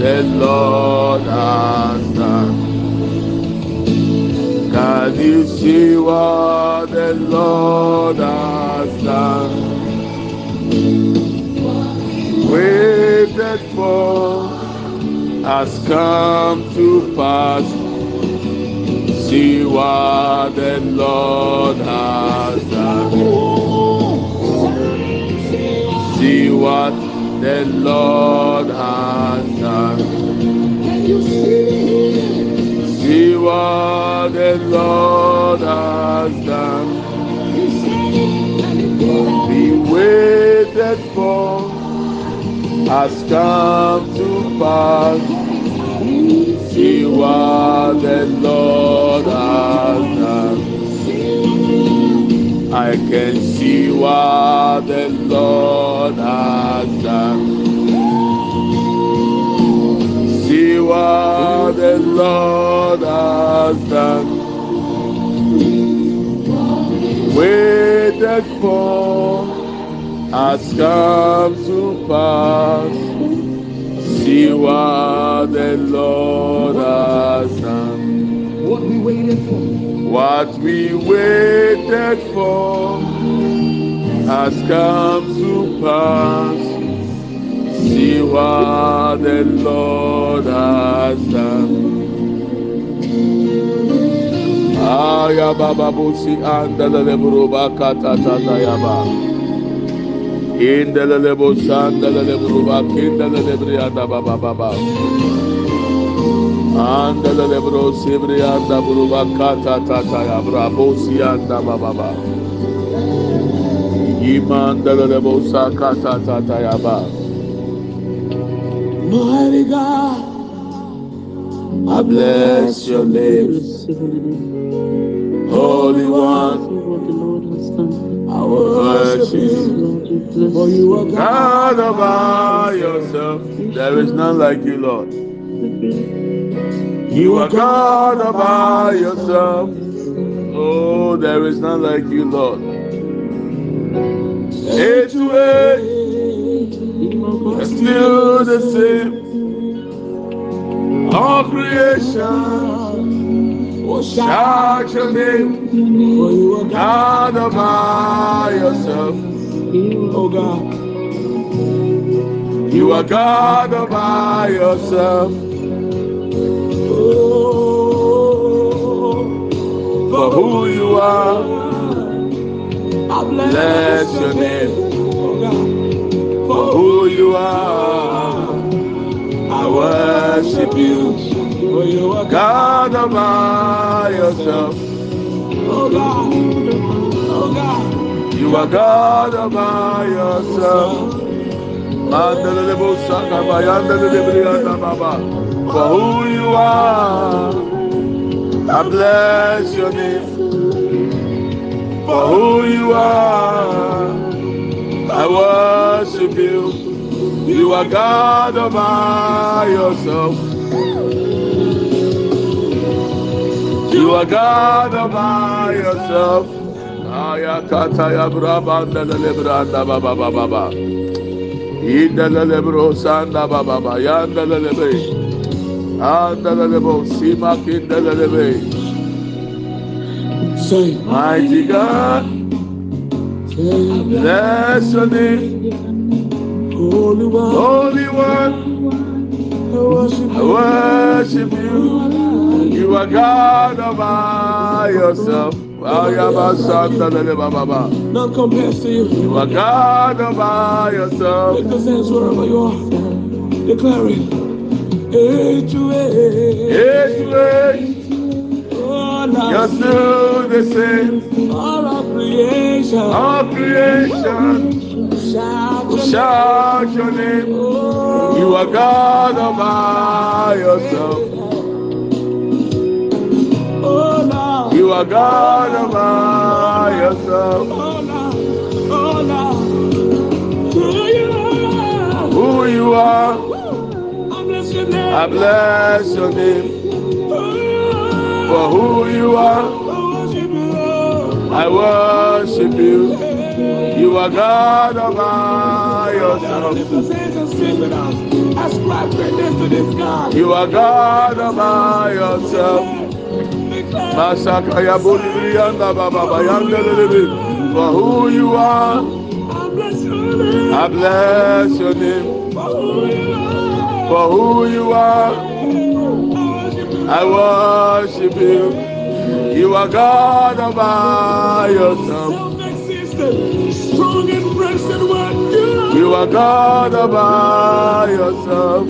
the Lord has done. Can you see what the Lord has done? Waited for has come to pass. See what the Lord has done. See what the Lord has done. Can you see? See what the Lord has done. Be waited for has come to pass. See what the Lord has done. I can see what the Lord has done. See what the Lord has done. Waited for has come to pass. See what the Lord has done. What we waited for. What we waited for has come to pass. See what the Lord has done. Aya baba busi anda lele buruba tata yaba. Inda lele busa anda lele buruba kinda lele bri anda baba baba. Anda da lebro sibri anda buruba kata tata ya brabo si anda bababa. Imanda da lebo saka tata tata ya ba. Mighty God, I bless your name. Holy One, I worship you. For you are God all yourself. There is none like you, Lord. You are God all by yourself. Oh, there is none like you, Lord. Age to age, still the same. All creation will shout your name. For you are God by yourself. Oh God. You are God all by yourself. for who you are. I bless your name for who you are. I worship you. For you are God all by yourself. Oh God. Oh God. You are God all by yourself. For who you are. I bless your name for who you are. I worship you. You are God all yourself. You are God all by yourself. Ayakata ya braba ndele branda baba baba baba. Indele lebro sanda baba baba yandele lebro. Andalebo, Sima Kindelebe. Mighty God, bless your name. Holy One, Holy One, I worship you. You are God all my yourself. None compares to you. You are God all by yourself. Make those hands wherever you are. Declare it age are still the same. All of creation. All creation. Shout your name. Oh. You are God yourself. Oh, you are God yourself. Oh, Who you are. I bless your name for who you are. I worship you. You are God all by yourself. You are God all by yourself. Masaka ya bolivri yanda baba For who you are, I bless your name. I bless your name for who you are. I worship you. You are God all Self-existent, Strong and present one. You are God all by yourself.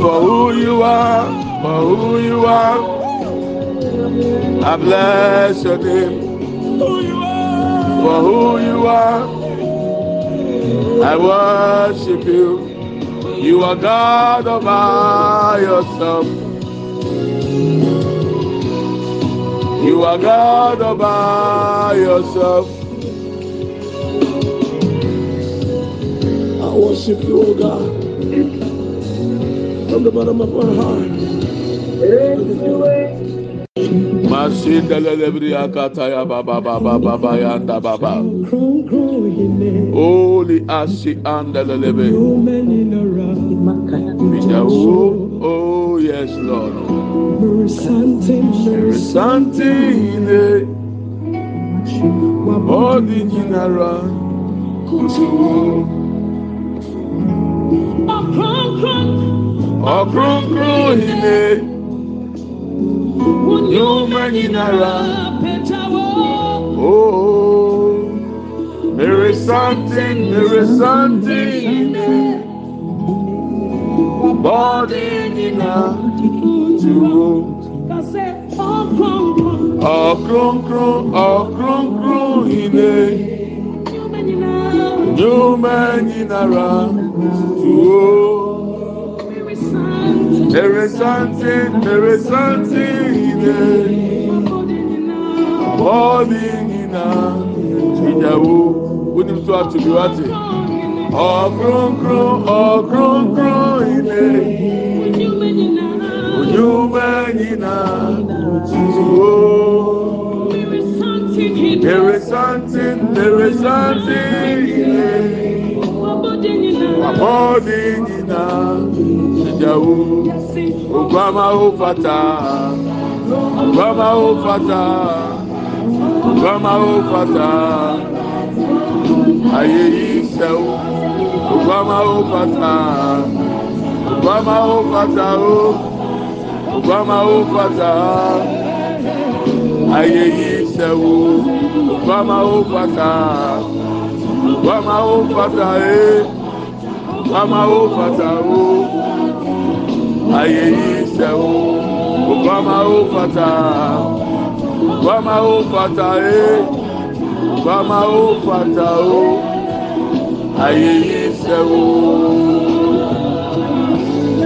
For who you are, for who you are. I bless your name. For who you are I worship you. You are God all yourself. You are God all yourself. I worship you, O God, from the bottom of my heart. Masindele lebriya kataya baba baba baba yanda Oli asi andele lebe. Bidawo, oh yes Lord. Merisante ine. Odi nyinara kutuwo. Ọkùnkùn ine. nyuma nyinara oh there is something there is something body nyina duro ọkronkron ọkronkron ine nyuma nyinara tuwo. There is something, there is something in it. Holding in a ìdáwó wóni tó a tòbi wá ti. Ọ̀kúrúnkúrún ọ̀kúrúnkúrún ilé. Ojú mẹ́yìn náà tuntun o. There is something, there is something in it abọ́dé nyiná ìjàwó ògbámáwó fata ògbámáwó fata ògbámáwó fata ayé yìí sẹ́wó ògbámáwó fata ògbámáwó fata ó ògbámáwó fata ayé yìí sẹ́wó ògbámáwó fata ògbámáwó fata é. Eh. Obama o fata o, ayé yìí sẹ́ o, Obama o fata, Obama o fata e, Obama o fata ayé yìí sẹ́ o.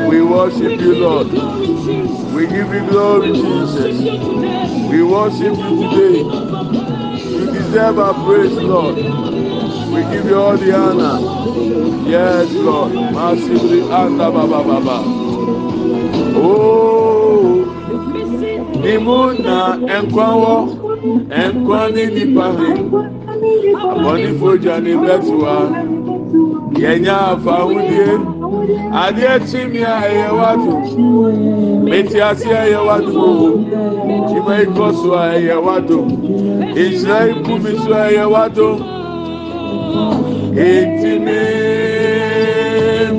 We worship you, Lord. We give you glory, Jesus. We worship you today. You deserve our praise, Lord. We give you all the honor. Yes, Lord. Massively and Baba Baba. Oh, the moon na enkwawo, enkwani nipahi. Abọni foja ni bẹtuwa. Yẹnya afahundiye. Adeɛ ti mi a ɛyɛ wadu. Meti ase ɛyɛ wadu owo. Ima ikɔ so a ɛyɛ wadu. Ìsirɛ ikú mi so ɛyɛ wadu etime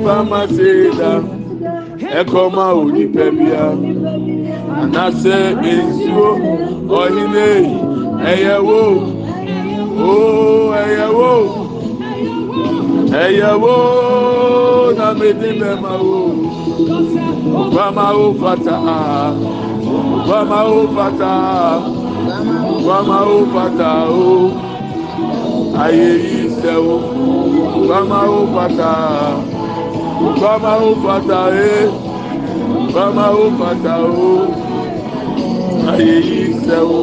famasi da ɛkɔma onipa bia anasɛ nsuo ɔhene ɛyɛwo oo ɛyɛwo ɛyɛwo na mede bɛma wo bama wo fata bama wo fata bama wo fata o dewo bama wo fata bama wo fata e bama wo fata o ayé yìí dewo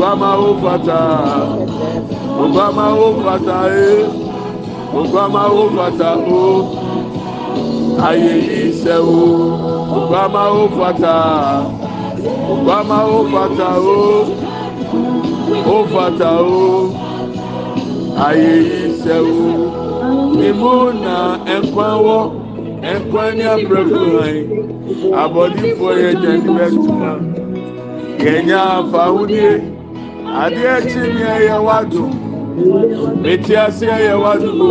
bama wo fata bama wo fata e bama wo fata o ayé yìí dewo bama wo fata bama wo fata o ó fata o ayé yìí sẹ́wó mímú na ẹ̀kọ́ wọ́ ẹ̀kọ́ ní abúlé hàn abọ́dífọ́ yẹ jẹ́ níbẹ̀ tuma yẹ nyà fàwùdíye adé ẹ̀kyí ni ẹ̀yẹ wá dùn mẹtí ase ẹ̀yẹ wá dùn o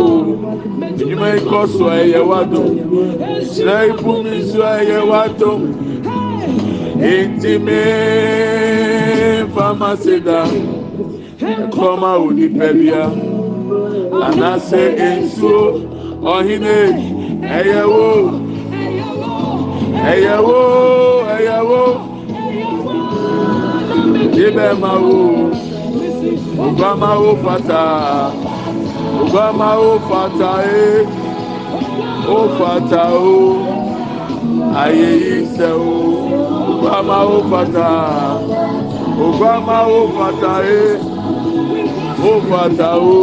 ẹ̀dwuma ikọ̀ so ẹ̀yẹ wá dùn ṣẹlẹ̀ ikú mi so ẹ̀yẹ wá dùn ntìmí fámásì ẹ̀kọ́ máa wò ní pẹ́ bíyà anase nsuo ɔhene ɛyɛwo ɛyɛwo ɛyɛwo ibɛmawo ogbamawo fata ogbamawo fata ye o fata o ayé yìí sẹ o ogbamawo fata ogbamawo fata ye o fata o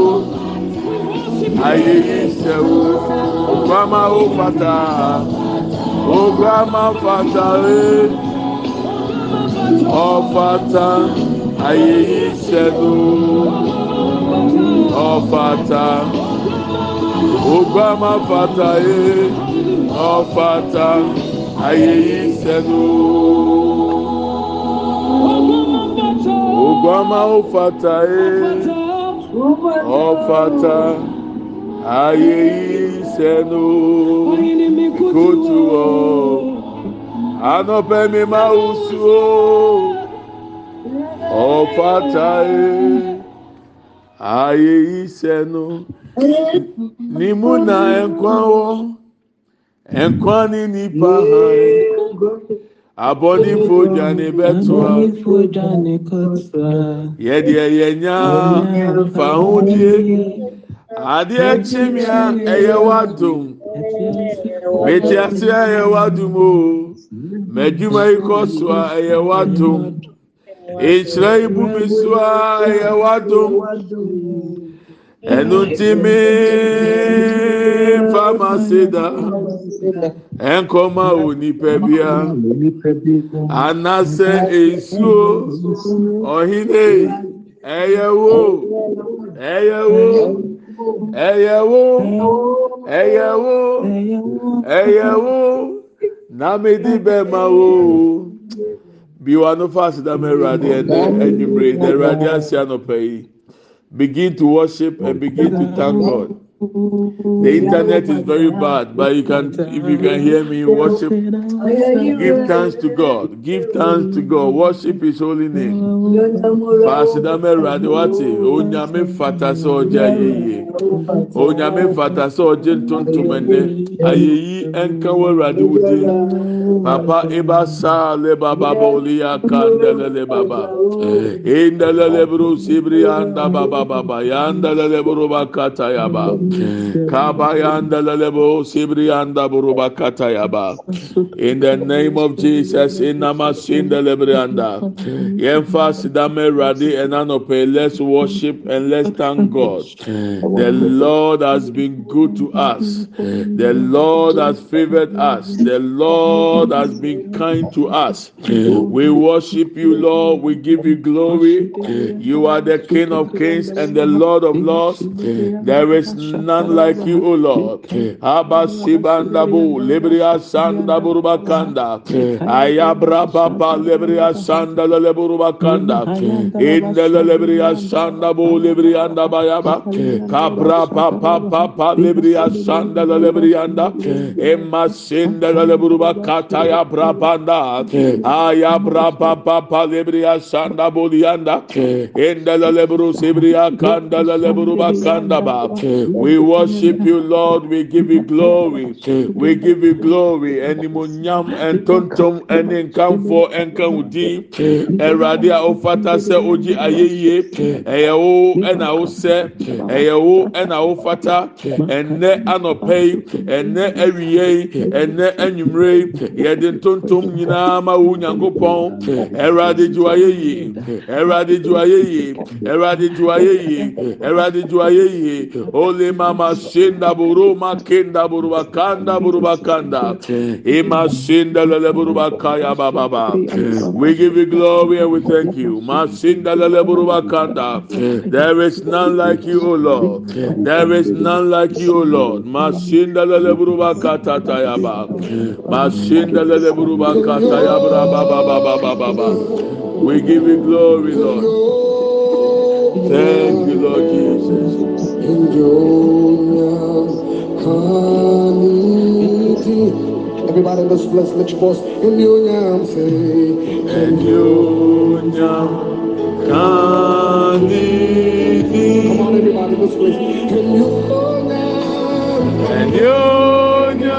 ayé yìí ṣẹ̀wó ògbámá ó fàtà ògbámá fàtà rè ọ̀fàtà Fata yìí ṣẹ̀wó ọ̀fàtà ògbámá fàtà rè ọ̀fàtà ayé yìí ṣẹ̀wó. Ògbámá ó fàtà rè ọ̀fàtà. ayé ìsẹ́nu kótó ọ̀ anọ́pẹ́ mi máa ń sùn ó ọ̀pátá ẹ̀ ayé ìsẹ́nu ní múna ẹ̀kọ́ wọ́ ẹ̀kọ́ ní nípa ẹ̀ abɔnifoja adeɛ kyimia ɛyɛ wadum meti ase ɛyɛ wadum o mɛdwuma yi kɔ so a ɛyɛ wadum yi bu mi so a ɛyɛ wadum ɛnu ti mi fama se da ɛnkɔma wo nipa bia anasɛ nsuo ɔhene ɛyɛ wo ɛyɛ wo ẹ̀yẹ̀wò ẹ̀yẹ̀wò ẹ̀yẹ̀wò nàmídìí bẹ́ẹ̀ máa wò ó bí wà no fast dam ẹwurade ẹnẹ ẹnumere ẹwurade asi anọpẹ yìí begin to worship and begin to thank God. The internet is very bad, but you can if you can hear me, worship. Oh, Give thanks to God. Give thanks to God. Worship His holy name. Faasidame radiwati onyame fatase ọjà yeye onyame fatase ọjẹ ntontom ẹnkawo radiwude papa eh, baba baba yanda baba baba yandalele buru bakata yaba. In the name of Jesus, in Namasinda lebrianda. Yemfas dame radi enanope. Let's worship and let's thank God. The Lord has been good to us. The Lord has favored us. The Lord has been kind to us. We worship you, Lord. We give you glory. You are the King of kings and the Lord of lords. There is none like you, O Lord. Abasibandabu, Libria Sanda Burubakanda, Ayabra Papa, Libria Sanda Leburubakanda, Indela Libria Sanda Bu, Librianda Bayaba, Cabra Papa Papa, Libria Sanda Lebrianda, Emma Sinda Leburubakata, Yabra Panda, Papa, Libria Sanda Bulianda, Indela Lebru Sibria Kanda Leburubakanda Ba. We worship you, Lord. We give you glory. We give you glory. Any munyam and tontom and in income for income deep. Eradia ofata se oji ayeye. Eyo and I se. Eyo and I ofata. Ene anopei. Ene ewiye. Ene enyumre. Yedin tontom nyina ma unyankopon. Eradi ju ayeye. Eradi ju ayeye. Eradi ju ayeye. Eradi ju ye. Holy mama senda buruma kenda buruba kanda buruba kanda. Ima senda lele buruba kaya baba ba. We give you glory and we thank you. Ma senda lele buruba kanda. There is none like you, O Lord. There is none like you, O Lord. Ma senda lele buruba kata ba. Ma senda lele buruba kata yabra baba baba baba baba. We give you glory, Lord. Thank you, Lord Jesus. Everybody, let's bless, let us voice in union say, in union, Kaniti. Come on, everybody, let's bless in union, in union,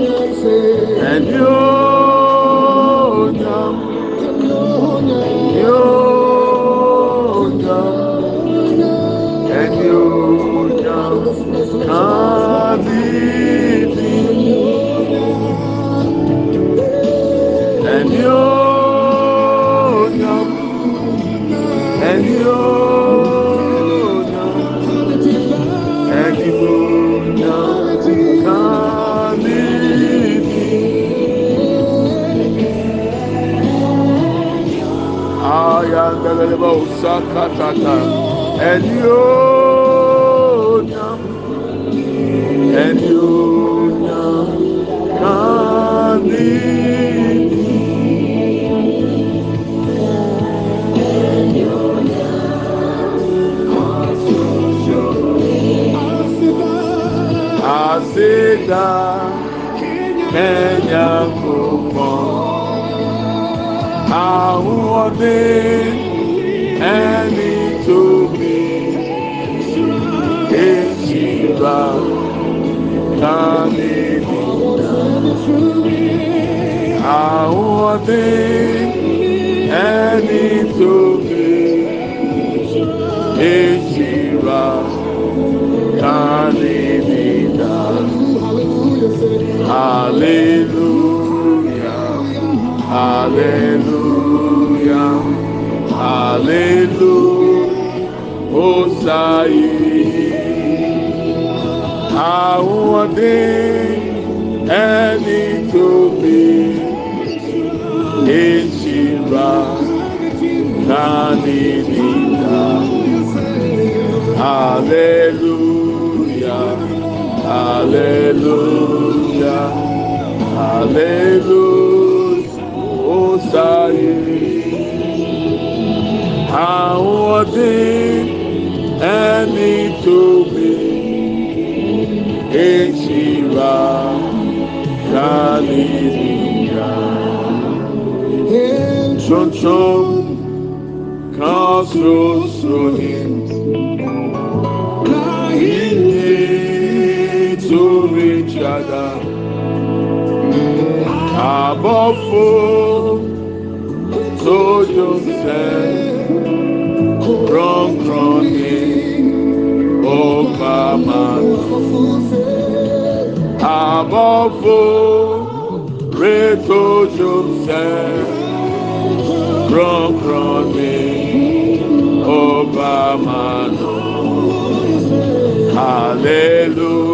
In union, say, in union. Ave Hallelujah. Hallelujah. Hallelujah. Oh, say. to ọdín ẹni tóbi èsìlá kàlíyà. Tuntun kan ṣoṣo yìí. to each other. Above all, so yourself, wrong, wrong, oh, mama. Above all, reto yourself, wrong, wrong, oh, mama. Hallelujah.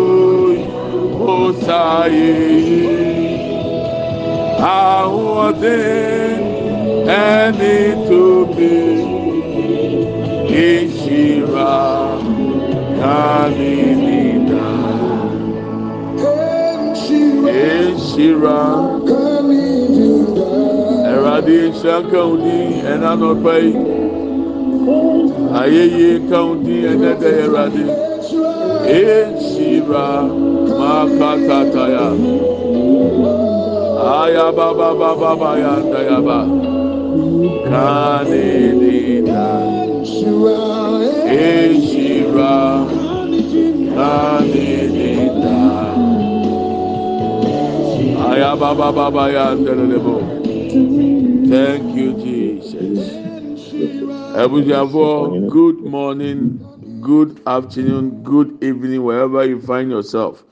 sayeyi auoden enitubi insira kalilidasira eradi ensa kaudi ena nopai ayeyi kaudi enedeyeradi ensira ayaba makakataya ayabababababayandayaba kanedida eshira ayaba kanedida lebo. thank you jesus abusuafoɔ good morning good afternoon good evening wherever you find yourself.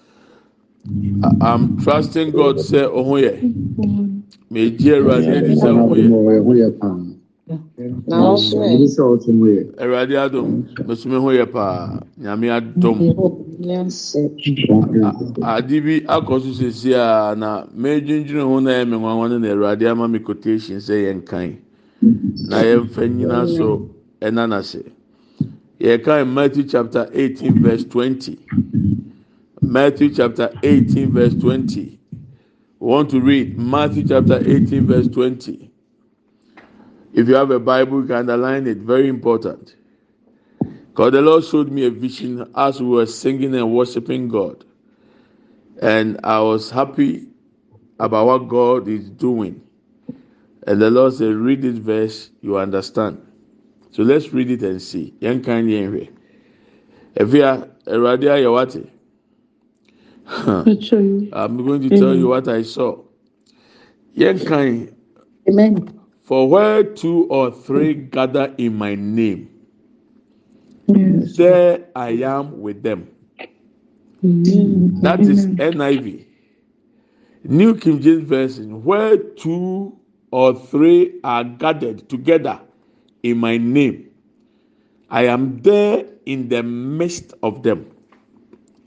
I'm trusting God sɛ yẹ. yɛ meegye awurade adi sɛ ɔho yɛ awurade adom mesome ho yɛ paa nyame adom ade bi akɔ so a na meedwindwene ho na ɛyɛ me nwanwa no na awurade ama me quotation sɛ yɛnkan na yɛmfa nyina so ɛna n'ase yɛkan Matthew chapter eighteen verse twenty. Matthew chapter 18, verse 20. We want to read Matthew chapter 18, verse 20. If you have a Bible, you can underline it. Very important. Because the Lord showed me a vision as we were singing and worshiping God. And I was happy about what God is doing. And the Lord said, Read this verse, you understand. So let's read it and see. Yɛn kan Evia, hwɛ. Efi I'm going to tell Amen. you what I saw. Yenkai. Amen. For where two or three gather in my name, yes. there I am with them. Amen. That is NIV. New King James Version. Where two or three are gathered together in my name, I am there in the midst of them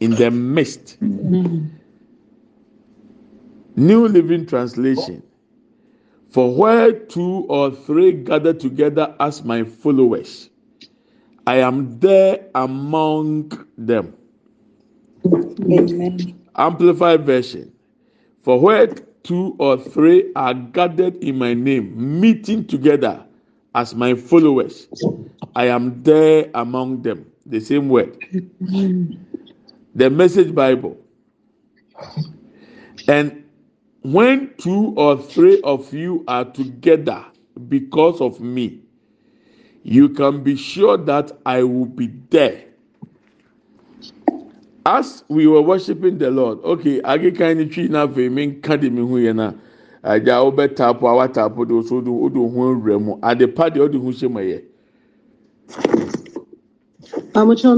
in the midst. New Living Translation. For where two or three gather together as my followers, I am there among them. Amen. Amplified version. For where two or three are gathered in my name, meeting together as my followers, I am there among them. The same word the message Bible. And when two or three of you are together because of me, you can be sure that I will be there. As we were worshiping the Lord, okay, agika ni twi na fe me nka de hu ye aja wo tapo awa tapo do so do do hu awura mu adepa de o hu hye maye.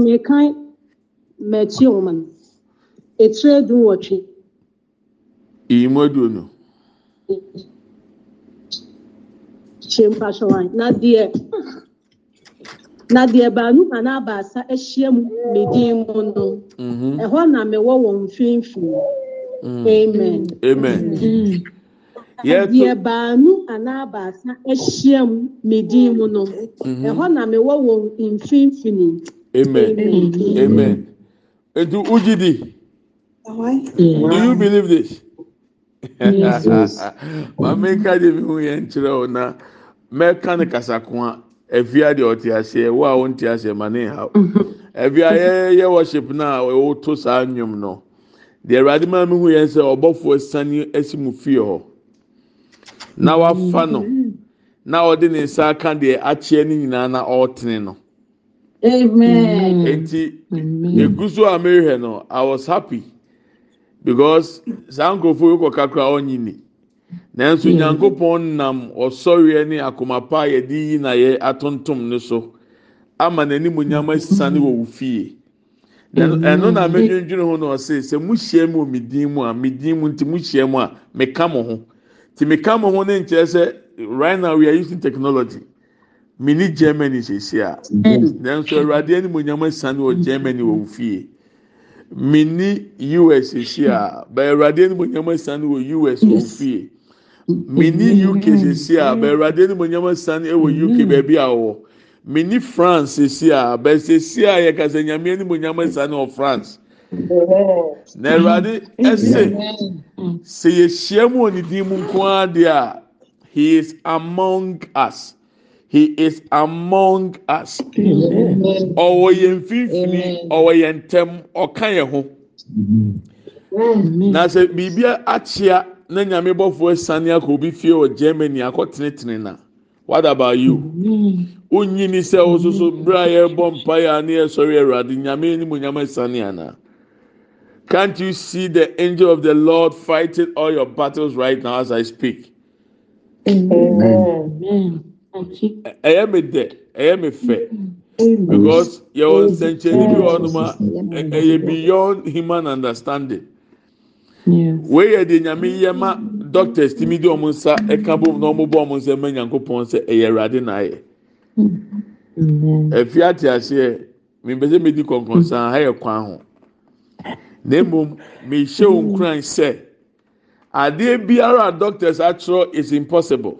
me kan Matthew woman etire edu nwɔtwe. Iyi mu aduonu. Kyerɛ mpakyɛ wan na deɛ na deɛ baanu anaa baasa ahyia mu ne din mu no ɛhɔ na mewɔ wɔn mfimfini amen. amen. Mm. deɛ baanu anaa baasa ahyia mu ne din mu no ɛhɔ na mewɔ wɔn mfimfini amen. amen. amen. amen. Into Ujidi. Do you believe this? Maame nka de bi hu yɛn kyerɛ o na mɛka ne kasakoma efia de ɔte aseɛ wo a wɔnte aseɛ ma ne ha efia yɛ yɛ worship na ɛwɔ to saa nnwom no deɛ awurade maa mi hu yɛn sɛ ɔbɔfo sani esi mu fie hɔ na wafa no na ɔde ne nsa aka deɛ akyeɛ ne nyinaa na ɔretene no. Amen. Eti egusu amehwɛ no I was happy because saa nkurɔfoɔ yi kɔ kakra ɔnyi ni nanso nyankopɔn nam ɔsɔreɛ ne akoma a yɛde yi na yɛ atontom ne so ama n'anim nyama sane wɔ wo fie ɛno na mɛdwendwene na ɔse sɛ mo hyia mu wɔ me din mu a me din mu nti mo hyia mu a meka mo ho nti meka mo ho ne nkyerɛ sɛ right now we are using technology. mini germany sisi a nanso awurade anim onyam asane wɔ germany wɔ nfie mini us sisi a ba awurade anim onyam asane wɔ us wɔ nfie mini uk sisi a ba awurade anim onyam asane wɔ uk baabi a wɔ mini france sisi a ba sisi a yɛ kasa nyame anim onyam asane wɔ france na awurade ɛsɛ sɛ yɛhyia mu wɔ ne din mu nko ara deɛ a he is among us. he is among us ɔwɔ yɛn mfimfini ɔwɔ yɛn ntɛm ɔka yɛn ho na sɛ biribi akyea na nyame bɔfoɔ asane akɔ obi fie wɔ germany akɔtenetene na what about you wonyini sɛ wo soso berɛ a yɛbɔ mpaeɛ a ne yɛsɔre awurade nyame ne mu nyama asane anaa Can't you see the angel of the Lord fighting all your battles right now as I speak? Amen. Amen ɛyɛ mi dɛ ɛyɛ mi fɛ mm-hmm. because yɛwɔ mm-hmm. nsɛnkyɛnni bi wɔ hɔnom ɛyɛ beyond human understanding wei yɛ de nyame yɛ ma doctors timi di wɔn nsa ɛka bom na wɔn bɔ wɔn nsa ma nyanko pɔn sɛ ɛyɛ awurade na ayɛ mm-hmm. efi ate aseɛ mbese mi di kɔnkɔn san ha yɛ kwan ho na mmom mi hyɛ wɔn kuran sɛ adeɛ biara doctors atwerɛ is impossible.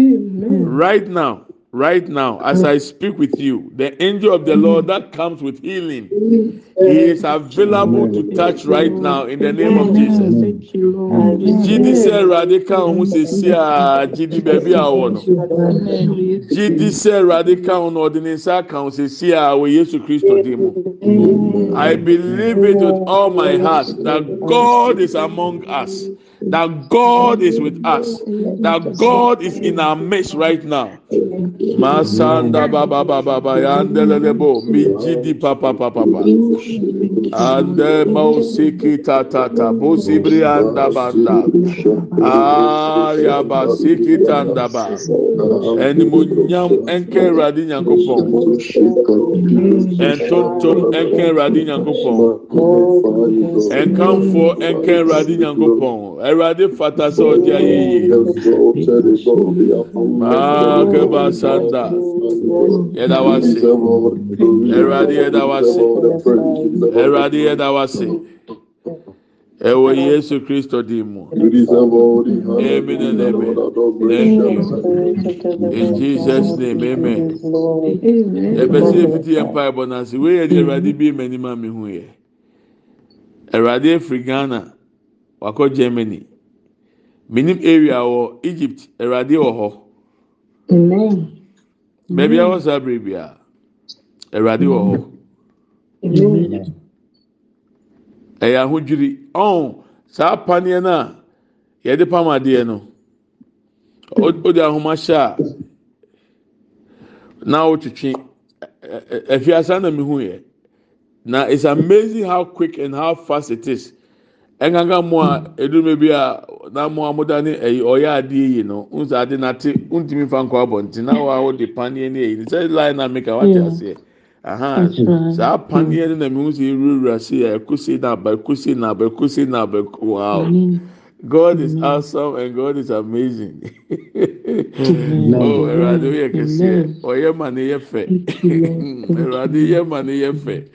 Amen. right now, right now, as mm. I speak with you, the angel of the Lord that comes with healing, he mm. is available to touch right now in the name of Jesus. Jíde sẹ́ Radika ọ̀hún ṣe sí à jíde bẹ̀bí àwọ̀ nù. Jíde sẹ́ Radika ọ̀hún ọ̀dì ní sá kàn ṣe sí I believe it with all my heart that God is among us. that God is with us, that God is in our midst right now. Masanda baba baba yandelebo mijidi papa papa papa. Ande mausiki tata anda banda. Aya ba. Ẹni ah, ẹnkẹ́ ɛnkanfoɔ ɛnka ɛwurade nyankopɔn ɛwurade fata sɛ ɔdi ayɛ yie maa ah, kɛba sanda yɛda wase ɛwurade yɛda wase ɛwurade yɛda wase ɛwɔ yesu kristo di mu amen and amen thank you in jesus name amen ɛbɛsi efiti yɛn pa ɛbɔ n'ase wei yɛ di ɛwurade bi mɛ ni maa mi hu yɛ awurade efiri ghana wakɔ germany minim area wɔ egypt awurade wɔ hɔ beebi a wɔsɔ abiri bia awurade wɔ hɔ ɛyɛ ahodwiri ɔn saa paneɛ no a yɛde pam adeɛ no ɔde ahoma hyɛ a na ɔtwitwi afiasa na mihu yɛ. its amazing how quick and how fast it is ɛnkanka mu a duruma bi a namoamodane ɔyɛ adei no usadete wntimi fa nkabɔntina a ode pane ni sɛlnomekawaseɛsaapane n namhsɛɛɛsesnissoiaeɛɛseɛ ɔyɛ ma nyɛ fɛ wadeyɛ ma ne yɛ fɛ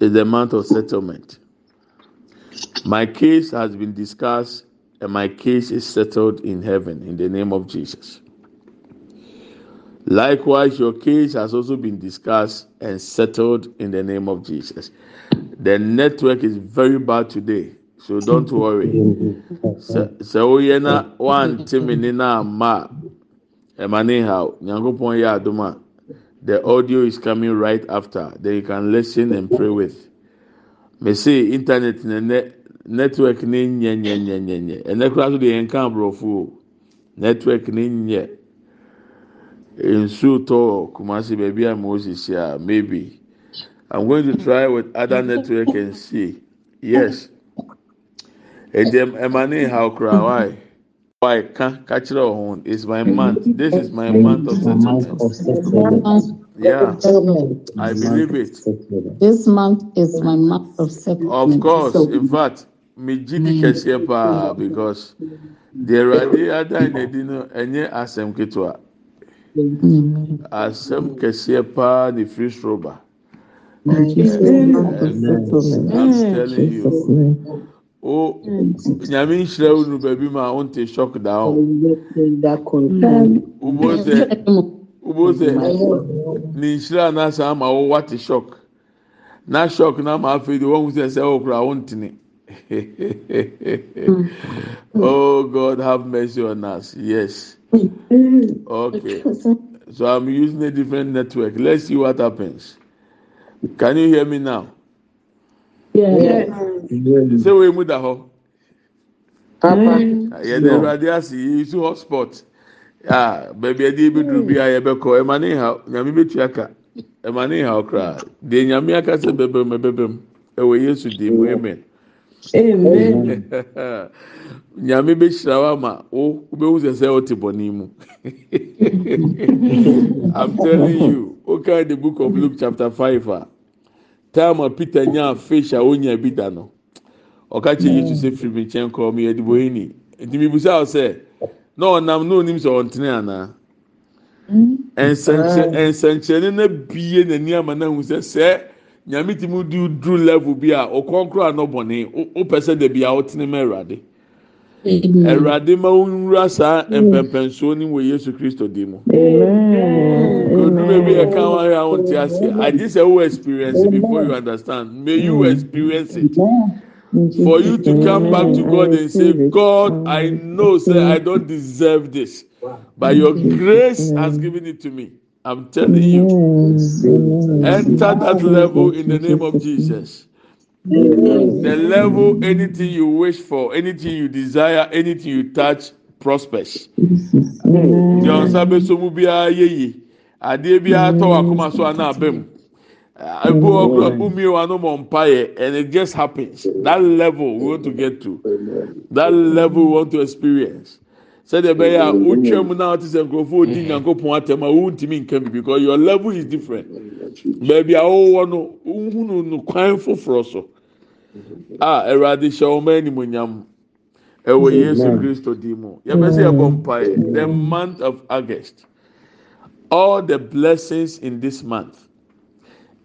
is the month of settlement. My case has been discussed, and my case is settled in heaven in the name of Jesus. Likewise, your case has also been discussed and settled in the name of Jesus. The network is very bad today, so don't worry. So, one, Timinina, Ma, Emaneha, Nyankopon Yaduma. the audio is coming right after then you can listen and pray with mise internet nenetwork ne nyɛyɛ ɛnɛ kora so tdeɛ yɛnka aborɔfo o netwerk ne nyɛ nsuo tɔɔ kuma se baabi a mosesie a meybe im going to try with other network and si yes ɛnde ma ne nhaw kora I can catch it on. It's my month. This is my month of settlement. Yeah, I believe it. This month is my month of settlement. Of course, in fact, me jidi mm. kɛseɛ paa because deɛ ɛwurade adan n'adi no ɛnyɛ asɛm ketewa asɛm kɛseɛ paa ne firi soro ba. I'm telling you o nyame nhyira wo nu baabi ma wo nte shock down wobo sɛ wobo sɛ ne nhyira anaasa ama wo wate shock na shock na ama afei de wɔn sɛ sɛ wokura wo ntene oh god have mercy on us yes okay so i'm using a different network let's see what happens can you hear me now. sɛ wei mu da hɔ yɛde awurade ase isu hotspot ah, mm. a baabi ebi ebiduru bi a yɛbɛkɔ ɛma ne ha nyame betu aka ɛma ne ha ɔkora deɛ nyame aka sɛ bɛbɛm bɛbɛm ɛwɔ yesu di mu amen nyame bɛhyira wa ma wo wobɛhu sɛ sɛ wote bɔne mu i'm telling you o wokae the book of luke chapter five a. taama peter nyaa fish a onya bi da no ɔka kyerɛ yesu sɛ firi mi nkyɛn kɔ mi yɛde bɔyɛ ni nti mi busa awo mm. na ɔnam na onim sɛ ɔntene ana nsɛnkyɛ nsɛnkyɛnni na bie n'ani ama na ehu sɛ sɛ nyame ti mu du duru level bi a ɔkɔnkoro anɔ bɔnne o pɛ sɛ debi a ɔtene mɛ ɛwurade awurade ma wo nwura saa mpɛmpɛnsoɔ no wɔ yesu kristo di mu ɔduma bi yɛka wa yɛ awo te ase agye sɛ wo experience before you understand may you experience it for you to come back to god and say god i know say i don't deserve this but your grace has given it to me i'm telling you enter that level in the name of jesus. The level, anything you wish for, anything you desire, anything you touch prospers. Jọ̀ọ́ sábẹ́ sọ́mu bí a ye, yìí, adé bí a tọ́ àkómà sọ àná abẹ́ mu. Ebu ọkùnrin ọkùnrin wa ló mọ̀ mpa yẹ and it just happens. That level we want to get to. That level we want to experience. sɛdeɛ ɛbɛyɛ a wotwa mu na ɔte sɛ nkurɔfoɔ odi nyankopɔn atɛm a wontumi nka bi because your level is different baabi a wowɔ no wohunu no kwan foforɔ so ah, a awurade hyɛ wɔma animonyam ɛwɔ yesu kristo din mu yɛbɛ sɛ yɛbɔ mpaeɛ the month of august all the blessings in this month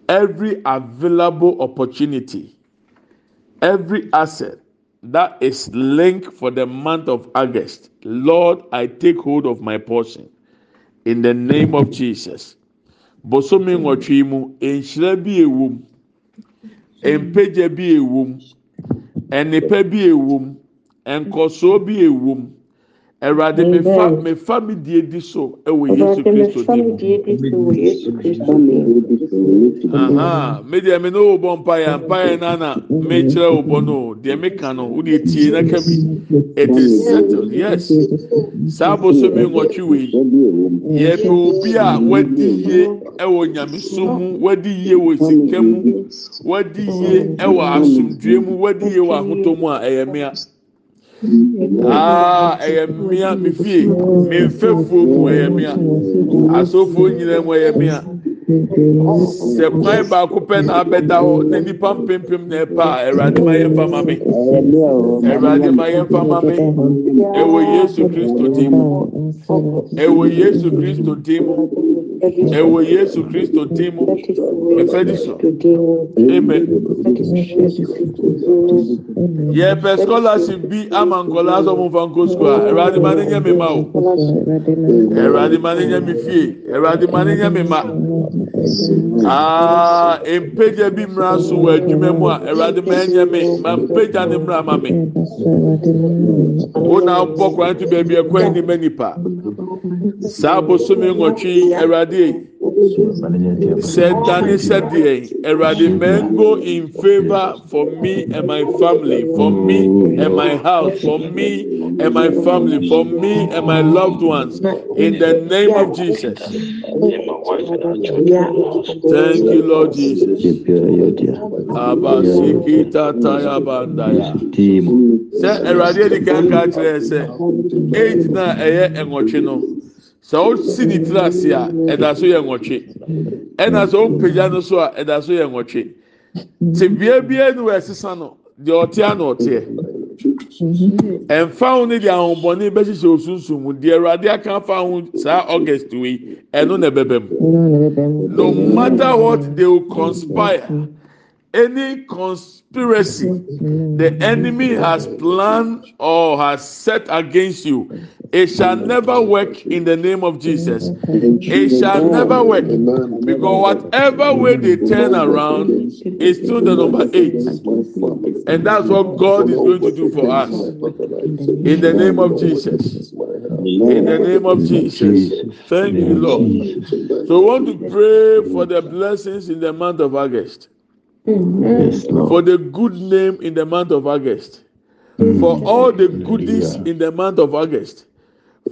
every available opportunity every asset that is linked for the month of August. Lord, I take hold of my portion in the name of Jesus. Bosomi nwɔtwe mu, nhyira bi ewu mu, mpagya bi ewu mu, nnipa bi ewu mu, bi ewu Ẹ̀rọ̀adé mẹ́fà mẹ́fà mi di so ẹ̀wọ̀ Yéṣu Kristo di mu. Mi di ẹ̀mi n'owó bọ̀ mpáyà mpáyà nánà mi kyerẹ́ wò bọ̀ nù di ẹ̀mi kàn nù ó di eti n'aka mi it is settled yes sáà bó so mi nwọ̀twi wò yìí yẹ pé obi a wadi yie ẹwọ nyamiso mu wadi yie wọ sika mu wadi yie ẹwọ asomdue mu wadi yie wọ ahotọ mu a ẹ̀yẹ mìíràn aa ɛyɛ mmea me fie me mfefuo mu ɛyɛ mmea asɔfoɔ nyinaa mu ɛyɛ mmea sɛ kwan baako pɛ na abɛda hɔ na nipa mpempem na ɛpa a ɛwurade ma yɛn fama mi ɛwurade ma yɛn fama mi ɛwɔ yesu kristo dim ɛwɔ yesu kristo dim ɛwɔ yesu kristo din mu ɛfɛ di so amen yɛpɛ scholarship bi ama nkɔlaa sɔ mo nfa nko a ɛwɛade ma ne nyɛ mi ma o ɛwɛade ma ne nyɛ mi fie ɛwɛade ma ne nyɛ mi ma aa mpagya bi mìíràn so wɔ adwuma mu a ɛwɛade ma ɛnyɛ mi ma mpagya ne mìíràn ma mi wọn na bɔ kwan to baabi ɛkwan ne ma nipa. saa bosome nwɔtwe awurade sɛ dane sɛdeɛ awurade may in favour for me and my family for me and my house for me and my family for me and my loved ones in the name of jesus thank you lord jesus sɛ ɔsi ne tiri ase a ɛda so yɛ nwɔtwe ɛna sɛ ɔmpagya no so a ɛda so yɛ nwɔtwe te bea bea no ɛsesa no deɛ ɔte ana ɔteɛ ɛnfaw ne deɛ ahombɔne bɛhyehyɛ osunsun mu deɛ ɛwurade aka afa ho saa august wei ɛno na ɛbɛbɛ no matter what they will conspire. any conspiracy the enemy has planned or has set against you, it shall never work in the name of Jesus. It shall never work because whatever way they turn around is still the number eight, and that's what God is going to do for us in the name of Jesus. In the name of Jesus, thank you, Lord. So, I want to pray for the blessings in the month of August. for the good name in the month of August, mm. for all the goodies in the month of August,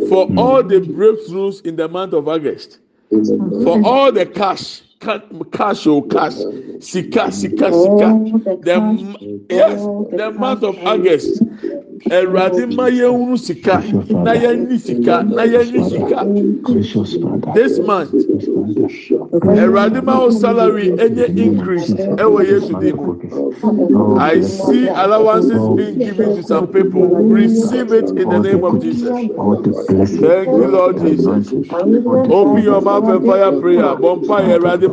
for all the mm. breakthroughs in the month of August, for all the cash cash or cash sika sika sika oh, the yes the month of august ẹwurade ma yẹn hunu sika na ni sika na ni sika this month ẹwurade ma o salary ẹnyẹ increased ẹwọ yesu di mu oh, i see allowances oh, being given to some people receive it in the name of jesus thank you lord jesus open your mouth and fire prayer bọmpa ẹwurade.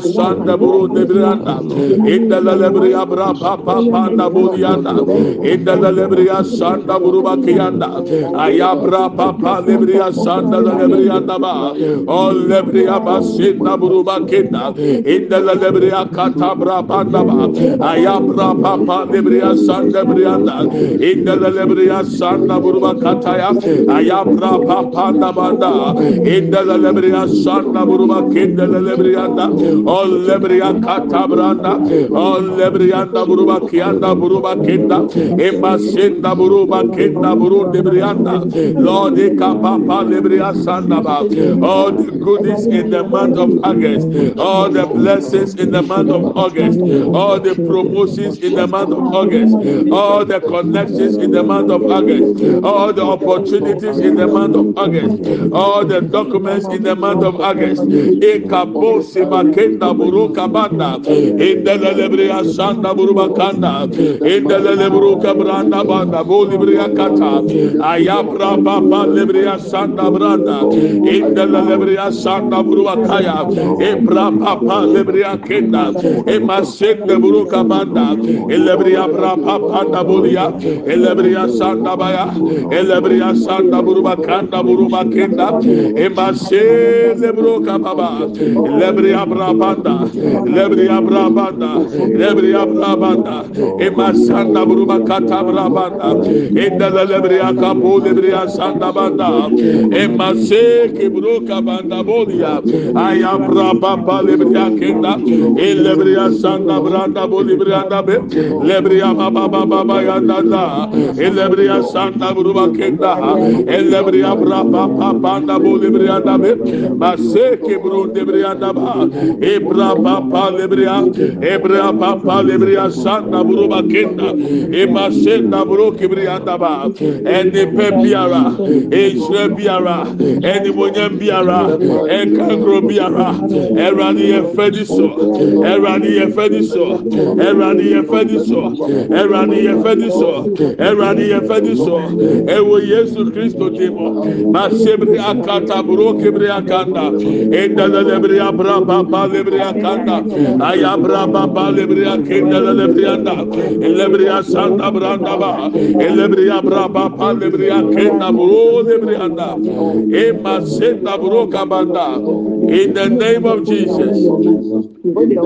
Masanda buru debriyanda. İndele lebriya bra pa pa panda buliyanda. İndele lebriya sanda buru bakiyanda. Aya bra pa pa lebriya sanda da lebriyanda ba. O lebriya basinda buru bakinda. İndele lebriya kata bra panda ba. Aya bra pa pa lebriya sanda briyanda. İndele lebriya sanda buru bakataya. Aya bra pa panda banda. İndele lebriya sanda buru bakinda lebriyanda. on lebrian katabranda on lebrianda buruba kianda buruba kenda emasenda buruba kenda buru debrianda lord ekapapa lebria sandaba all the goodies in the month of august all the blessings in the month of august all the promotions in the month of august all the connections in the month of august all the opportunities in the month of august all the documents in the month of august ekabo sebake inda buru kabanda inda lelebriya sanda buru bakanda inda lelebru kabranda banda bu libriya kata ayapra baba libriya sanda branda inda lelebriya sanda buru bakaya ebra baba libriya kenda emasende buru kabanda elebriya bra baba da buliya elebriya sanda baya elebriya sanda buru bakanda buru bakenda emasende buru kababa elebriya bra abrabanda lebri abrabanda lebri abrabanda emasanda buruba katabrabanda indala lebri akabu lebri asanda banda emase kibruka banda bolia ayabrabamba lebri akenda elebri asanda branda bolibri anda be lebri ababa baba yanda da elebri asanda buruba kenda elebri abrabamba banda bolibri anda be maseke buru debri anda ba ebraba palebrɩa ebrabapalebrɩ a sana boro bakena emasena boro kebrɩ anaba enepɛ biara esrɛ biara eniboyen biara enkangro biara eraniyɛ fɛdiso eraniyɛ fɛdiso erani yɛ fɛdiso erani yɛ fɛdiso erani yɛ fɛdiso ewo yesu kristo demo masebri akata borokebre akana edɛlɛlebrɩ abrabapal ebiakaa ayabrababalebriakeneelebriada elebriya sana bradaba elebria brabapale bria kena bro lebriada emasena brokabanda In the name of Jesus.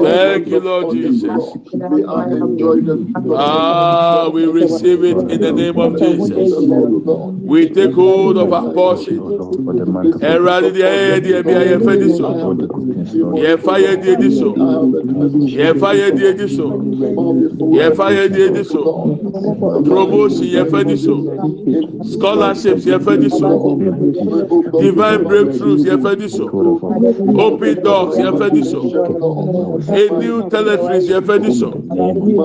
Thank you, Lord Jesus. Ah, we receive it in the name of Jesus. We take hold of our portion. Promotion yẹ̀fẹ́ Scholarships yẹ̀fẹ́ Divine breakthroughs yẹ̀fẹ́ open doors yɛfɛ di so a new telephone. territories yɛfɛ di so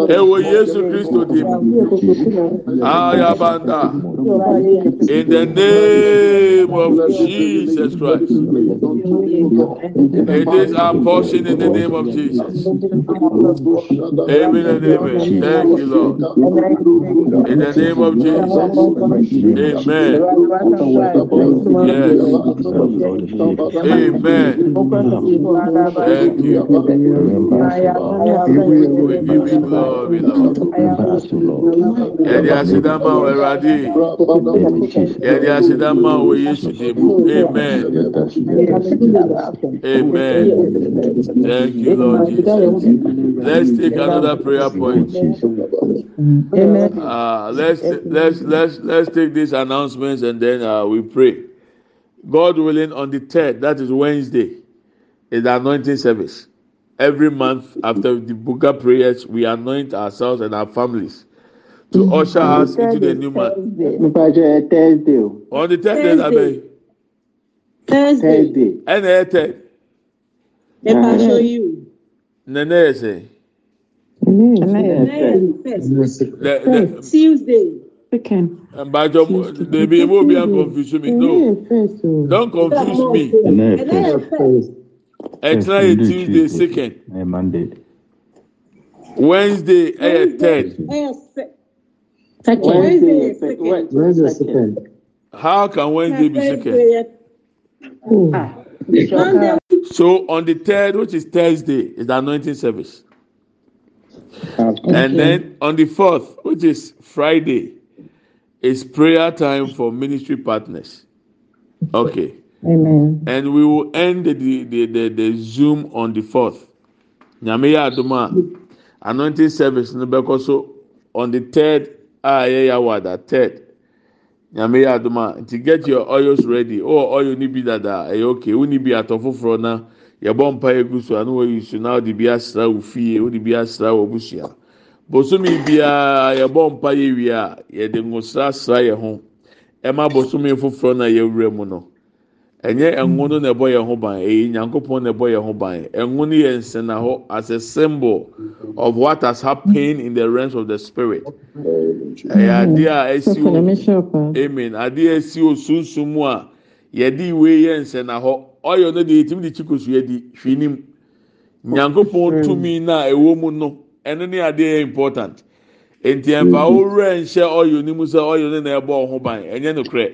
ɛwɔ to Christ di mu ayabanda in the name of jesus christ it is our portion in the name of jesus amen and amen thank you lord in the name of jesus amen yes amen. Thank you. Amen. Amen. Thank you, Lord Jesus. Let's take another prayer point. Amen. Uh, let's, let's, let's, let's take these announcements and then uh, we pray. God willing, on the third, that is Wednesday, is the anointing service. Every month after the Buga prayers, we anoint ourselves and our families to mm-hmm. usher us into the new month. Thursday. On the third Thursday. Thursday. And the third. Nene is Tuesday. Second. And by job, they be able to confuse me. No, oh. don't confuse me. It's Tuesday second. Monday. Wednesday, a third. Wednesday, Wednesday second. How can Wednesday be second? Oh. Ah. So on the third, which is Thursday, is the anointing service. Ah, and then on the fourth, which is Friday, It's prayer time for ministry partners. Okay. Amen. And we will end the the the, the Zoom on the fourth. Nyame Aduma, anointing service no bɛkɔ so on the third Ah yeah yeah what? awada third. Nyame Aduma, to get your oils ready. Oh oil ni bi dada ɛyɛ okay. Wo ni bi atɔ foforɔ na yɛbɔ mpa egu so ano wɔ yi so na ɔde bi asra wo fie the bi asra wo bosome biara yɛbɔ mpa yɛ wie yɛde ngosra sra yɛn ho ɛma bosome foforɔ na yɛwura mu no ɛnyɛ ɛnwo no na ɛbɔ yɛn ho ban ɛyɛ nyankopɔn na ɛbɔ yɛn ho ban ɛnwo no yɛ nsena hɔ as a symbol of what has happened in the realms of the spirit ɛyɛ adeɛ a ɛsi o amen adeɛ a ɛsi o sunsun mu a yɛde iwe yɛ nsena hɔ ɔyɛ ɔno deɛ yɛtumi de kyikosu yɛ di hwinim nyankopɔn tumi na ɛwɔ mu no ɛno ne adeɛ yɛ important nti ɛnfa owurɛ nhyɛ ɔyɛ onimu sɛ ɔyɛ ni na ɛbɔ ɔho ban ɛnyɛ no korɛ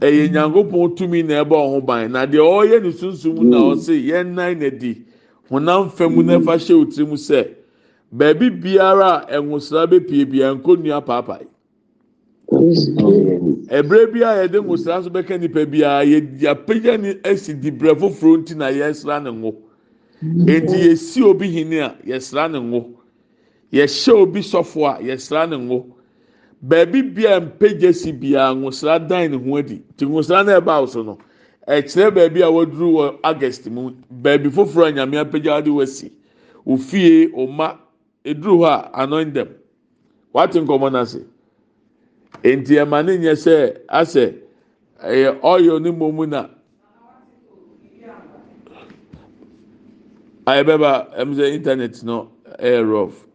ɛyɛ mm-hmm. nyankopɔn tumi na ɛbɔ ɔho ban na deɛ ɔyɛ mm-hmm. ne mm-hmm. sunsun na ɔsi yɛn nan na di honam fam na ɛfa hyɛ otiri mu sɛ beebi biara ɛnwosra bepie bia nkonnua paapae ɛbrɛ bi a yɛde nwosra nso bɛka nipa biara yɛ apagya ne ɛsi di brɛ foforɔ nti na yɛsra ne ngo nti yɛsi obi hin a yɛsra ne ngo. yɛhyɛ obi sɔfo a yɛsra ne ngo beebi bia mpagya si bia ngosra dan ne ho adi nti ngosra na ɛba so no ɛkyerɛ baabi a waduru wɔ agɛst mu baabi foforɔ a nyame apagya wade wasi ofie oma eduru hɔ a anɔn dɛm wate nkɔmɔ n'ase nti ɛma ne nyɛ sɛ asɛ ɛyɛ ɔyɔ ne mu na. ayɛbɛba ɛmu sɛ internet no ɛyɛ rough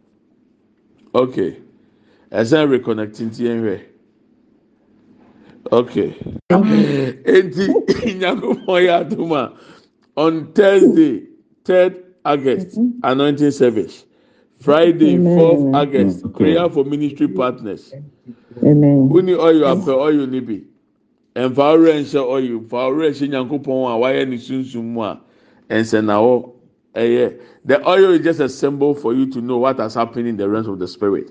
okay ɛsɛn reconnect nti yɛn hwɛ okay eti nyankopɔn yɛ atum on thursday 3rd august mm-hmm. anointing service friday 4th august mm-hmm. prayer for ministry partners wúni ọyọ apẹ ọyọ níbi ẹnfà ọrẹ ẹnhyẹ ọyọ ẹnfà ọrẹ ẹnhyẹ nyankopɔn a wáyé ni sunsun mu a ẹnsẹ̀nàwọ́. Eh, the oil is just a symbol for you to know what has happened in the realms of the spirit.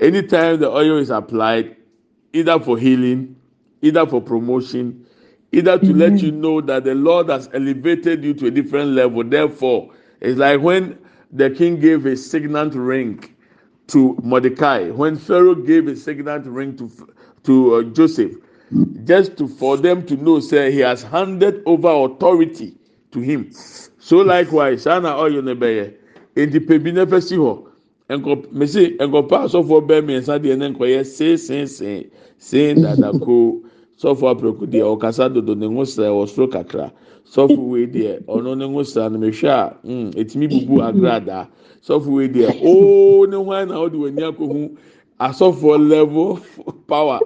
Anytime the oil is applied, either for healing, either for promotion, either to mm-hmm. let you know that the Lord has elevated you to a different level. Therefore, it's like when the king gave a signet ring to Mordecai, when Pharaoh gave a signet ring to to uh, Joseph, just to, for them to know, say he has handed over authority to him. so likewise saa na ɔyɛ ne bɛyɛ nti pɛ bi n'ɛfɛ si hɔ nkɔ mesi nkɔpa asɔfoɔ bɛɛ mmiɛnsa deɛ ne nkɔyɛ seesensee see dadako sɔfoɔ apɛko deɛ ɔkasa dodo ne ho srɛ wɔ soro kakra sɔfoɔ wei deɛ ɔno ne ho srɛ no mehwɛ a mm etimi bubu agrada sɔfoɔ wei deɛ ooo ne ho ayɛ na ɔde wɔn ani akɔ ho asɔfoɔ level power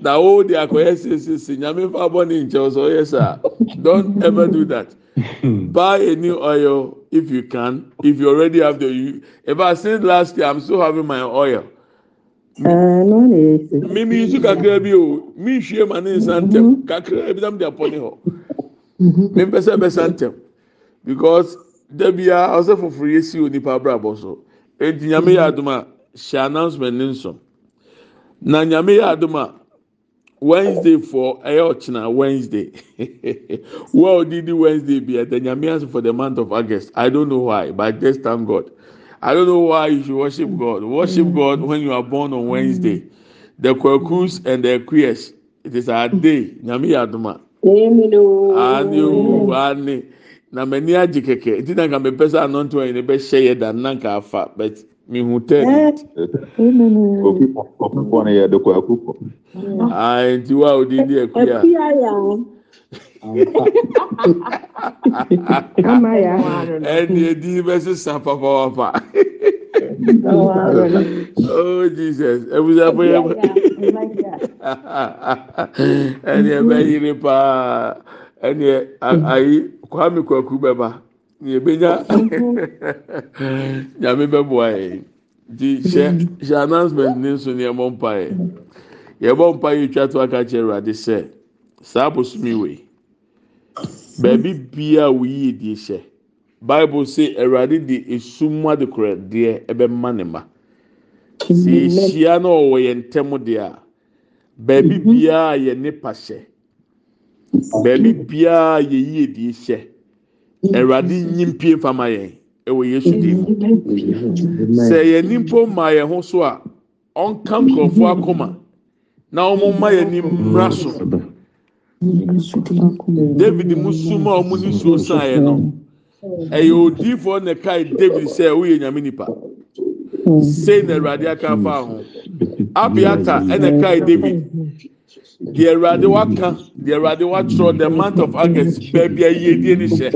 na o de akɔyɛ sesese nyame fa bɔ ne nkyɛn so ɔyɛ sa don't ever do that buy a new oil if you can if you already have the you I since last year i'm still having my oil. Ah, mímí nsu kakra bi o mí nhwie ma ne nsa ntɛm mm-hmm. kakra ebi tam de apɔ ne hɔ mí mm-hmm. mpɛ sɛ bɛsa ntɛm because debia ɔsɛ foforɔ yɛ si onipa abrabɔ so eti nyame yɛ mm-hmm. adum a hyɛ announcement ne nson na nyame yɛ adum a wednesday for ɛyɛ ɔkyina wednesday well didi wednesday be ɛdɛ nyame ase for the month of august i don't know why but just thank god i don't know why you should worship god worship mm. god when you are born on wednesday mm. the kwakus and the queers it is our mm. day Nyami yɛ aduma ani owu ani na mɛ ni agye kɛkɛ ntina nka mɛ pɛ sɛ anɔntu ɛyin bɛ hyɛ yɛ da afa but. mihu tɛneɛnti woa odi de ak aɛneɛ dini bɛ sesa pafawafa jesus afusapo yɛm ɛneɛ bɛyere paa ɛneɛ ayikwame kwaku bɛba yɛbɛnya nyame bɛboa yɛ nti hyɛ hyɛ announcement ne nso ne yɛbɔ mpa yɛ yɛbɔ mpa yɛ twa to aka kyerɛ awurade sɛ saa bosomi wei baabi bia a woyie die hyɛ bible say awurade de esu mu adekoradeɛ ɛbɛma ne ma sɛ ehyia na ɔwɔ yɛn ntɛm deɛ a baabi mhm. bia a yɛ nipa hyɛ baabi bia a yɛ yie Mm. awurade nyi mpie mfama yɛn ɛwɔ yesu din mu mm. sɛ yɛn ni mpo ma yɛn ho so a ɔnka nkurɔfoɔ akoma na wɔn mma yɛn ni mmra so david musu ma wɔn ni suo san yɛn no ɛyɛ odiifoɔ na ɛka david sɛ ɔyɛ nyame nipa mm. sɛ na awurade aka afa ho abiata ɛna kae david deɛ awurade waka deɛ awurade watwerɛ the month of august baabi a yiedie ni hyɛ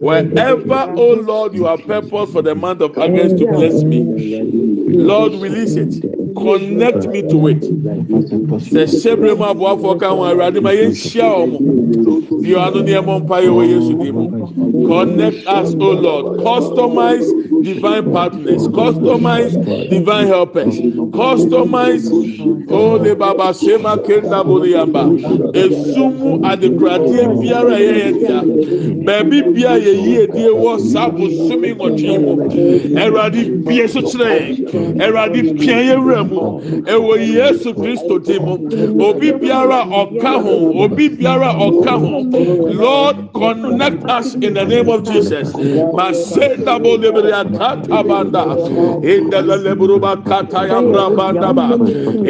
wherever o oh lord you are purpose for the month of august to bless me lord release it. connect me to it. mu mpa Yesu mu. Connect us, O oh Lord. Customize divine partners. Customize divine helpers. Customize O baba sema kenda bori yamba. Esumu adekoradeɛ biara yɛyɛ dea. Baabi bia yɛyi edie wɔ saa bosome ŋɔtwe mu. Awurade mu mu ɛwɔ yesu kristo di mu obi biara ɔka ho obi biara ɔka ho lord connect us in the name of jesus ma se dabo lebere akata banda indala leburu ba kata ya bra banda ba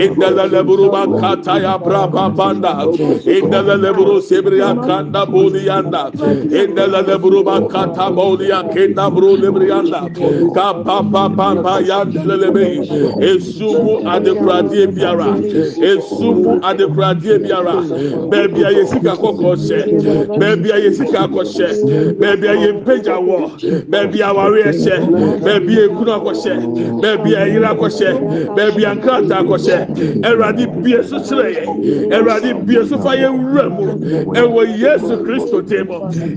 indala leburu ba kata ya bra ba banda indala leburu sebere akanda boli yanda indala leburu ba kata boli akenda bro lebere yanda ka pa pa pa pa yanda lebe esu esumu adekoradeɛ biara esumu adekoradeɛ biara beebi a yɛ sika kɔkɔɔ hyɛ beebi a yɛ sika akɔ hyɛ beebi a yɛ mpagya wɔ beebi a awareɛ hyɛ beebi a ekunu akɔ hyɛ beebi a eyira akɔ hyɛ beebi a nkrataa akɔ hyɛ ɛwurade bie so kyerɛ yɛ ɛwurade bie so fa yɛ wura mu ɛwɔ yesu kristo dim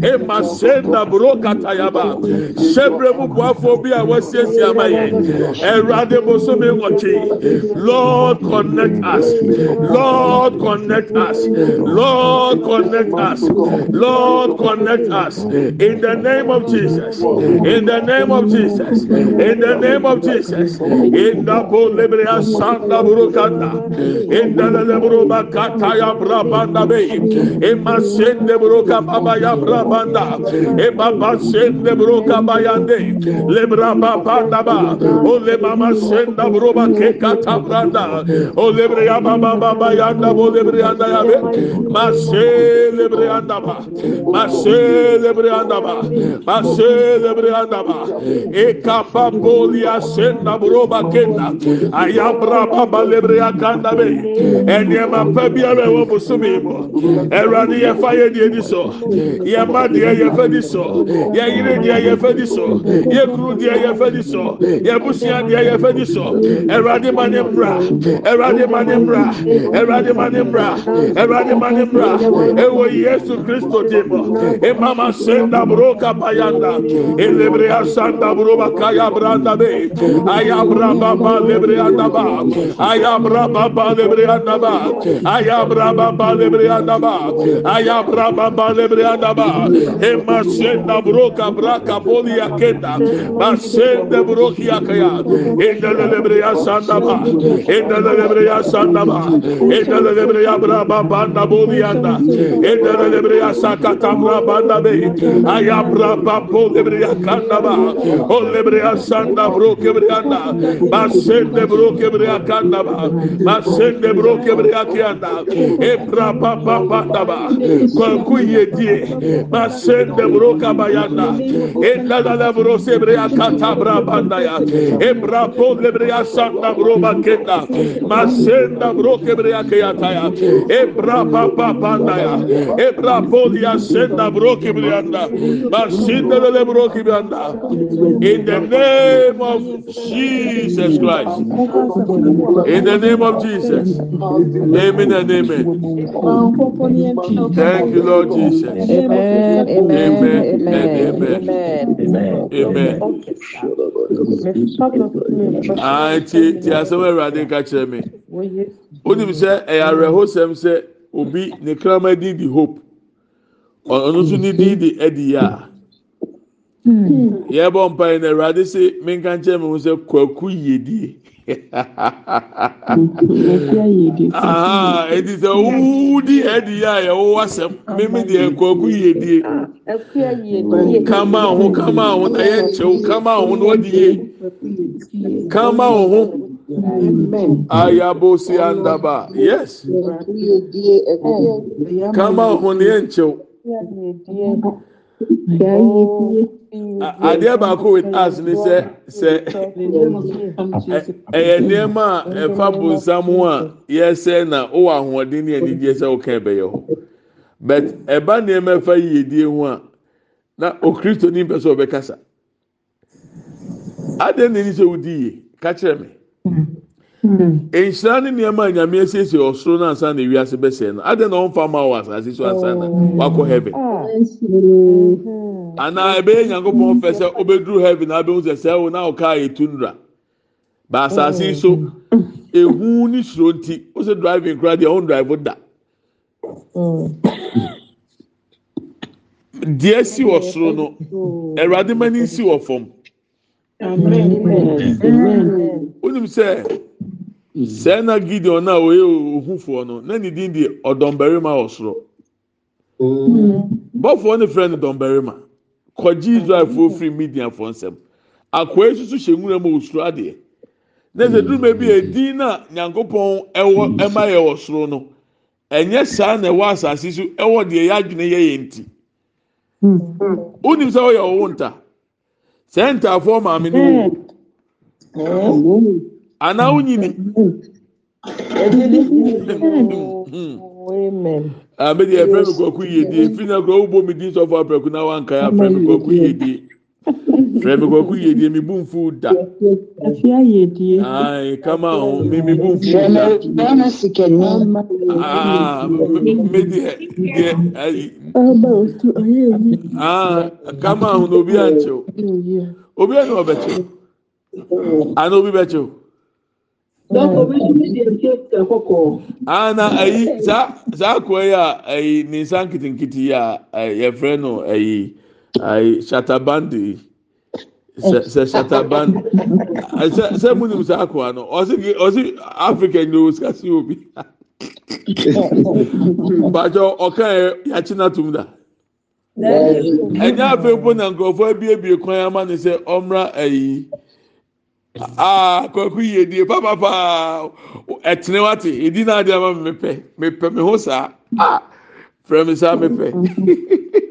ema se naburo katayaba hyɛbrɛ mu buafo bi a wɔasiesie ama yɛ ɛwurade bosomi nwɔtwe. Lord, connect us. Lord, connect us. Lord, connect us. Lord, connect us. In the name of Jesus. In the name of Jesus. In the name of Jesus. In the Bolibria Santa Burukanda. In the Lebruba Kataya Brabanda Bay. In Masin de Buruka Babaya Brabanda. In Babasin de Buruka Bayande. Lebra Babanda oh, Ba. Ole Mama Senda Buruba Keka katabranda o oh, lebre ya baba baba yanda bo lebre yanda ya be mashe lebre yanda ba mashe lebre yanda ba mashe lebre yanda ba e kapa boli asenda broba kenda ayabra ba lebre ya kanda be enye ma pe bia be wo busumi mo erani ye fa ye di so ye ma di ye fe di so ye yire di ye fe di so ye kru di ye fe di so ye busia di ye fe di so erani eamaieadimanibra eradimanibra ewe yesu kristo dima imamasenda buroka payada elebereya sanda burobakayabranabe ayabrababalebereyaaba ayabrababaeberaaba ayabrababaeeraaba ayabrababaleberyadaba imasenda buroka brakaboliya keda masende burokiakayaieea sandaba. Endele lebre ya sandaba. Endele braba banda boliyanda. Endele lebre ya sakatamra banda be. Ayabra babo lebre ya kandaba. O lebre ya sanda bro kebre yanda. Basende bro kebre ya kandaba. Basende bro kebre ya kiyanda. Ebra banda ba. Kanku yediye. Basende bro kabayanda. Endele lebre ya katabra banda ya. Ebra bo lebre sanda bro roba masenda broke brea ebra papa panda ebra podia senda broke masinda le broke in the name of Jesus Christ in the name of Jesus amen and amen thank you Lord Jesus amen amen amen amen amen amen amen asɛm awurade nka kyerɛ me wonim sɛ ɛyɛ mm. awerɛhosɛm sɛ obi ne kraman din di hope ɔno nso ne din di ɛdi a mm. yɛbɔ mpae na awurade sɛ menka nkyerɛ me ho sɛ kwaku yedie ɛti sɛ wowudi ɛdi a yɛwowɔ asɛm meme deɛ kwaku yedie kama ho kama ho na yɛnkyɛw kama ho na wɔde yie kama ho Ayabosi andaba. Yes. Kama ọhụnye nchew. Ade baako with us ni sɛ sɛ ɛyɛ nneɛma a ɛfa bonsam ho a yɛsɛ na ɔwɔ ahoɔden ne anigye sɛ ɔka ɛbɛyɛ hɔ but ɛba nneɛma ɛfa yiedie ho a na okristoni mpɛ sɛ ɔbɛkasa adeɛ na ɛni sɛ ɔdi yie kakyɛ mi. Mm. Mm. nhyira ne nneɛma a nyame asiesie ɔsoro no ansa na ase bɛsɛ no adɛn na ɔmfa ma wɔ asase so ansa na mm. wakɔ heaven oh. anaa ɛbɛyɛ nyankopɔn fɛ sɛ obɛduru heaven na abɛhu sɛ sɛ wo na ɔkaa etu nura ba asase so ehu ne suro nti o sɛ driving kora deɛ ɔn drive da deɛ si wɔ soro no ɛwurade mani si wɔ fam. wonim sɛ sɛɛ na gideon no a ɔyɛ ohufoɔ no na ne din de ɔdɔmbarima wɔ soro bɔfoɔ no frɛ no dɔmbarima kɔgye israelfoɔ firi midiafoɔ nsɛm akwai susu hyɛ nwura mu osuro adeɛ na sɛ duruma e bi edin na nyankopɔn ɛwɔ ɛma e yɛ wɔ soro no ɛnyɛ saa na ɛwɔ asase so ɛwɔ deɛ yɛ adwene yɛ yɛn ti wonim sɛ ɔyɛ ɔwɔ nta. sentafoɔ maame no hmm. wo hmm. anaa wonyini hmm. mede ɛfrɛ ah, me kɔko yie die firi na kora wobɔ me din sɔfo aprɛko na wankae afrɛ me kɔko yie die fẹmi kò kú yedie mi bú nfu da. àfi ayedie. ayi kama o mi mi bú nfu da. bẹ́ẹ̀ni sikẹni. aa mi diẹ diẹ ayi. ọba otu ọyẹ mi. kama ahun na obi à ń kyerò obi à ń ọbẹ kyerò àná obi bẹ kyerò. dọkọ mi tún mi diẹ nkye kọkọ. ana ayi saa saa kọ yi a ayi ninsa nkitinkiti yi a yẹ fẹ ayi shatabandi sɛ eh. sɛ shatabandi sɛ sɛ mu ni musa akɔ ano ɔsi ki ɔsi africa ni o sikasi obi bàjɛ ɔka yɛ e, yakyina tum da ɛnyɛ afei po na nkurɔfoɔ ebiebie kwan ama ne sɛ ɔmra ayi aa kwaku yie die paapaa ɛtene e wate edi na adi ama mi pɛ mi pɛ mi ho saa aa fɛrɛ mi saa mi pɛ.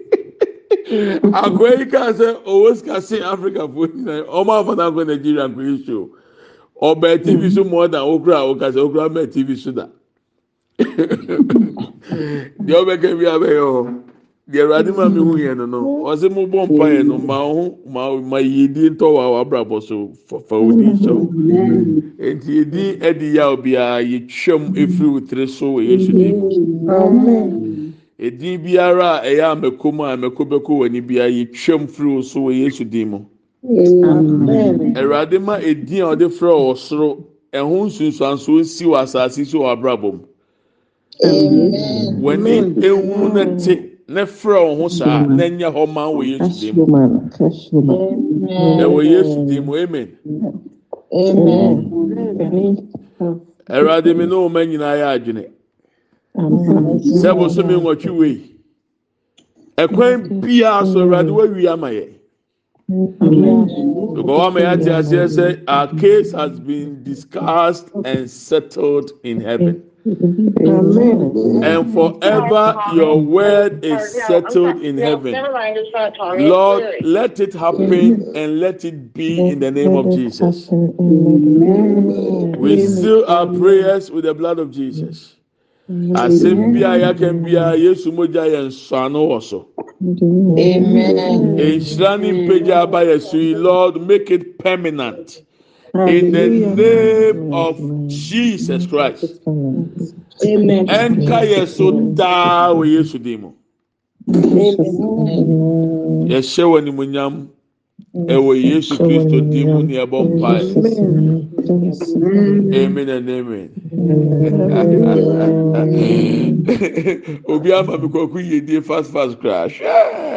akwa yi ka owo sika se africa fo nyinaa ɔmo afɔta nkɔ nigeria nkɔ yi show ɔbɛ tv so more than okura okasa okura mɛ tv so da deɛ ɔbɛka bi abɛyɛ hɔ deɛ awurade maa mi hu yɛn no no mo bɔ mpa yɛn no ma ma ma yiedie ntɔ wa wa abrabɔ so fafa odi nhyɛw nti yedi ɛdi yaw biara yɛtwam efiri wotiri so wɔ yesu di mu. edin biara a ɛyɛ amako mu a amako bɛko wɔ ani biara yɛ twɛm firi wo so wɔ yesu din mu awurade ma edin a ɔde frɛ wɔ soro ɛho nsunsuanso si wɔ asase so wɔ abrabɔ mu w'ani ehunu na te ne frɛ wɔn ho saa na nyɛ hɔ ma wɔ yesu din mu ɛwɔ yesu din mu amen awurade mi ne wɔn nyinaa yɛ adwene. sɛ bosome nwɔtwe wei ɛkwan biara so awurade wawie ama yɛ because wama yɛ ate aseɛ our case has been discussed and settled in heaven and forever your word is settled in heaven lord let it happen and let it be in the name of jesus we seal our prayers with the blood of jesus asɛm biara yɛaka biara yesu mogya yɛ nsɔano wɔ so nhyira ne mpagya aba yɛ so yi lord make it permanent in the name of jesus christ ɛnka yɛ so daa wɔ yesu din mu yɛhyɛ wɔ animonyam ɛwɔ yesu kristo di mu neɛbɔ mpa mn nmin obiafa mekakɔ yɛdie fis fis crush